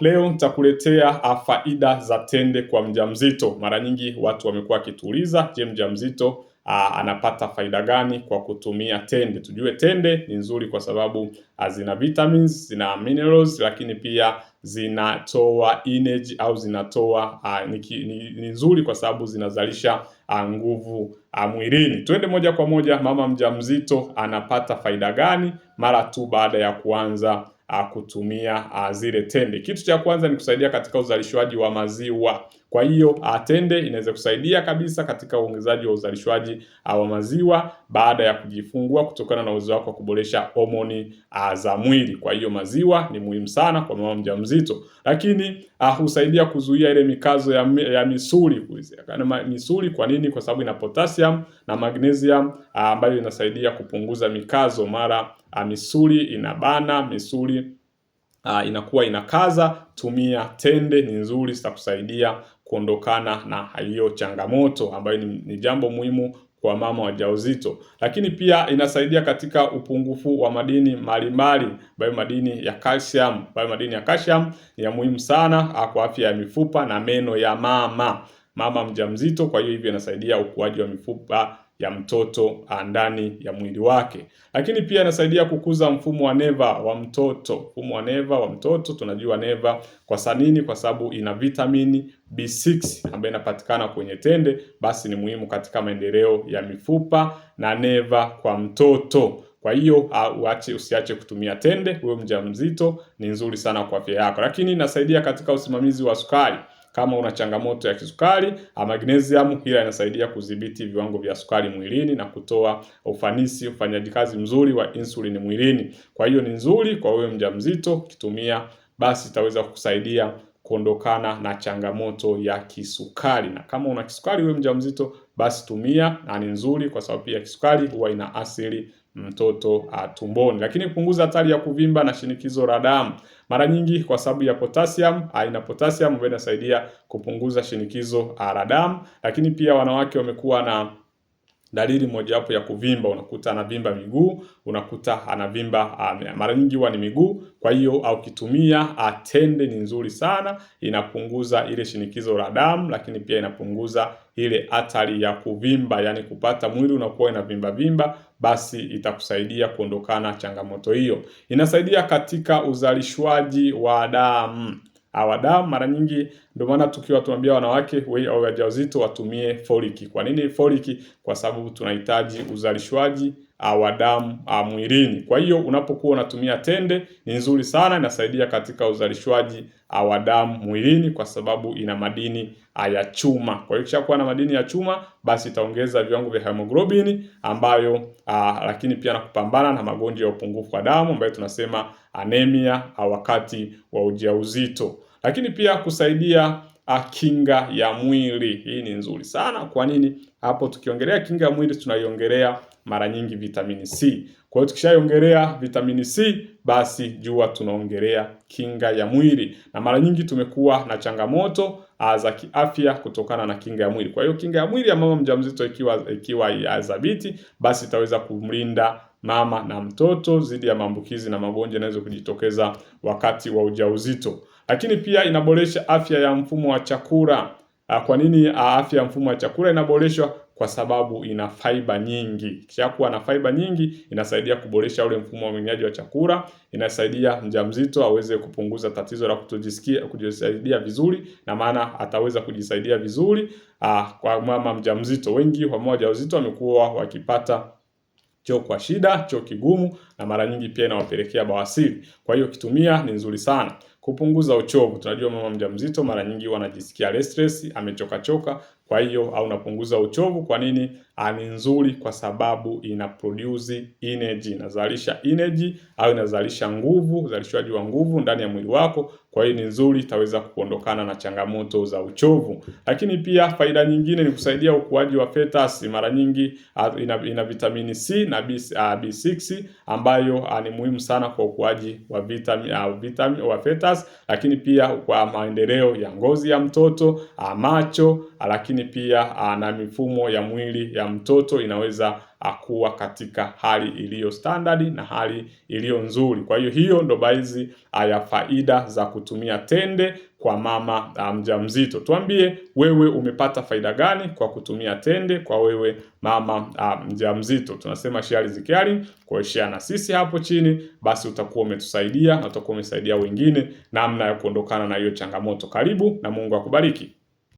leo nitakuletea ah, faida za tende kwa mjamzito. Mara nyingi watu wamekuwa wakituuliza, je, mjamzito ah, anapata faida gani kwa kutumia tende? Tujue tende ni nzuri kwa sababu ah, zina vitamins, zina minerals, lakini pia zinatoa energy au zinatoa ni nzuri kwa sababu zinazalisha nguvu mwilini. Tuende moja kwa moja, mama mjamzito anapata faida gani mara tu baada ya kuanza kutumia ah, zile tende. Kitu cha kwanza ni kusaidia katika uzalishaji wa maziwa. Kwa hiyo ah, tende inaweza kusaidia kabisa katika uongezaji wa uzalishwaji ah, wa maziwa baada ya kujifungua kutokana na uwezo wako wa kuboresha homoni ah, za mwili. Kwa hiyo maziwa ni muhimu sana kwa mama mjamzito, lakini husaidia kuzuia ile mikazo ya, ya misuli kuizia. Misuli kwa nini? Kwa sababu ina potassium na magnesium ambayo inasaidia kupunguza mikazo mara misuli inabana, misuli inakuwa inakaza. Tumia tende, ni nzuri, zitakusaidia kuondokana na hiyo changamoto ambayo ni, ni jambo muhimu kwa mama wajawazito, lakini pia inasaidia katika upungufu wa madini mbalimbali, ambayo madini ya calcium, ambayo madini ya calcium ni ya muhimu sana ah, kwa afya ya mifupa na meno ya mama mama mjamzito. Kwa hiyo hivyo inasaidia ukuaji wa mifupa ya mtoto ah, ndani ya mwili wake, lakini pia inasaidia kukuza mfumo wa neva wa mtoto. Mfumo wa neva wa mtoto tunajua neva kwa sanini, kwa sababu ina vitamini B6 ambayo inapatikana kwenye tende, basi ni muhimu katika maendeleo ya mifupa na neva kwa mtoto. Kwa hiyo ah, uache usiache kutumia tende, huyo mjamzito ni nzuri sana kwa afya yako, lakini inasaidia katika usimamizi wa sukari. Kama una changamoto ya kisukari, magnesium hila inasaidia kudhibiti viwango vya sukari mwilini na kutoa ufanisi, ufanyaji kazi mzuri wa insulin mwilini. Kwa hiyo ni nzuri kwa wewe mjamzito, ukitumia basi itaweza kukusaidia kuondokana na changamoto ya kisukari. Na kama una kisukari wewe mjamzito, basi tumia na ni nzuri, kwa sababu pia kisukari huwa ina asili mtoto a, ah, tumboni. Lakini kupunguza hatari ya kuvimba na shinikizo la damu, mara nyingi kwa sababu ya potassium, aina ah, potassium ambayo inasaidia kupunguza shinikizo ah, la damu, lakini pia wanawake wamekuwa na Dalili mojawapo ya kuvimba, unakuta anavimba miguu, unakuta anavimba ah, mara nyingi huwa ni miguu. Kwa hiyo au kitumia ah, tende ni nzuri sana, inapunguza ile shinikizo la damu, lakini pia inapunguza ile hatari ya kuvimba, yani kupata mwili unakuwa inavimba vimba, basi itakusaidia kuondokana changamoto hiyo. Inasaidia katika uzalishwaji wa damu awada Mara nyingi ndio maana tukiwa tuambia wanawake wajawazito watumie foliki. Kwa nini foliki? Kwa sababu tunahitaji uzalishwaji uh, wa damu uh, mwilini. Kwa hiyo unapokuwa unatumia tende ni nzuri sana, inasaidia katika uzalishwaji uh, wa damu mwilini kwa sababu ina madini uh, ya chuma. Kwa hiyo ikishakuwa na madini ya chuma, basi itaongeza viwango vya hemoglobin ambayo uh, lakini pia na kupambana na magonjwa ya upungufu wa damu ambayo tunasema anemia uh, wakati wa ujauzito, lakini pia kusaidia ah, kinga ya mwili. Hii ni nzuri sana. Kwa nini? Hapo tukiongelea kinga ya mwili tunaiongelea mara nyingi vitamini C. Kwa hiyo tukishaiongelea vitamini C, basi jua tunaongelea kinga ya mwili, na mara nyingi tumekuwa na changamoto ah, za kiafya kutokana na kinga ya mwili. Kwa hiyo kinga ya mwili ya mama mjamzito ikiwa ikiwa dhabiti, basi itaweza kumlinda mama na mtoto dhidi ya maambukizi na magonjwa yanaweza kujitokeza wakati wa ujauzito. Lakini pia inaboresha afya ya mfumo wa chakula. Ah, kwa nini ah, afya ya mfumo wa chakula inaboreshwa? Kwa sababu ina fiber nyingi. Ikishakuwa na fiber nyingi, inasaidia kuboresha ule mfumo wa mmeng'enyo wa chakula, inasaidia mjamzito aweze kupunguza tatizo la kutojisikia kujisaidia vizuri, na maana ataweza kujisaidia vizuri ah, kwa mama mjamzito. Wengi wa mama wajawazito wamekuwa wakipata choo kwa shida, choo kigumu na mara nyingi pia inawapelekea bawasiri. Kwa hiyo kitumia ni nzuri sana. Kupunguza uchovu. Tunajua mama mjamzito mara nyingi wanajisikia anajisikia restless, amechoka choka. Kwa hiyo au unapunguza uchovu. Kwa nini? Ah, ni nzuri kwa sababu ina produce energy, inazalisha energy au inazalisha nguvu, uzalishaji wa nguvu ndani ya mwili wako. Kwa hiyo ni nzuri, itaweza kuondokana na changamoto za uchovu. Lakini pia faida nyingine ni kusaidia ukuaji wa fetus. Mara nyingi ah, ina, ina vitamini C na B, uh, ah, B6 ambayo ni muhimu sana kwa ukuaji wa vitamini, uh, vitami, wa fetus fibers, lakini pia kwa maendeleo ya ngozi ya mtoto, macho, lakini pia na mifumo ya mwili ya mtoto inaweza kuwa katika hali iliyo standard na hali iliyo nzuri. Kwa hiyo hiyo ndo baadhi ya faida za kutumia tende kwa mama ah, mjamzito. Tuambie wewe umepata faida gani kwa kutumia tende kwa wewe mama ah, mjamzito. Tunasema share zikiari yako kwa share na sisi hapo chini, basi utakuwa umetusaidia na utakuwa umesaidia wengine namna ya kuondokana na hiyo changamoto. Karibu na Mungu akubariki.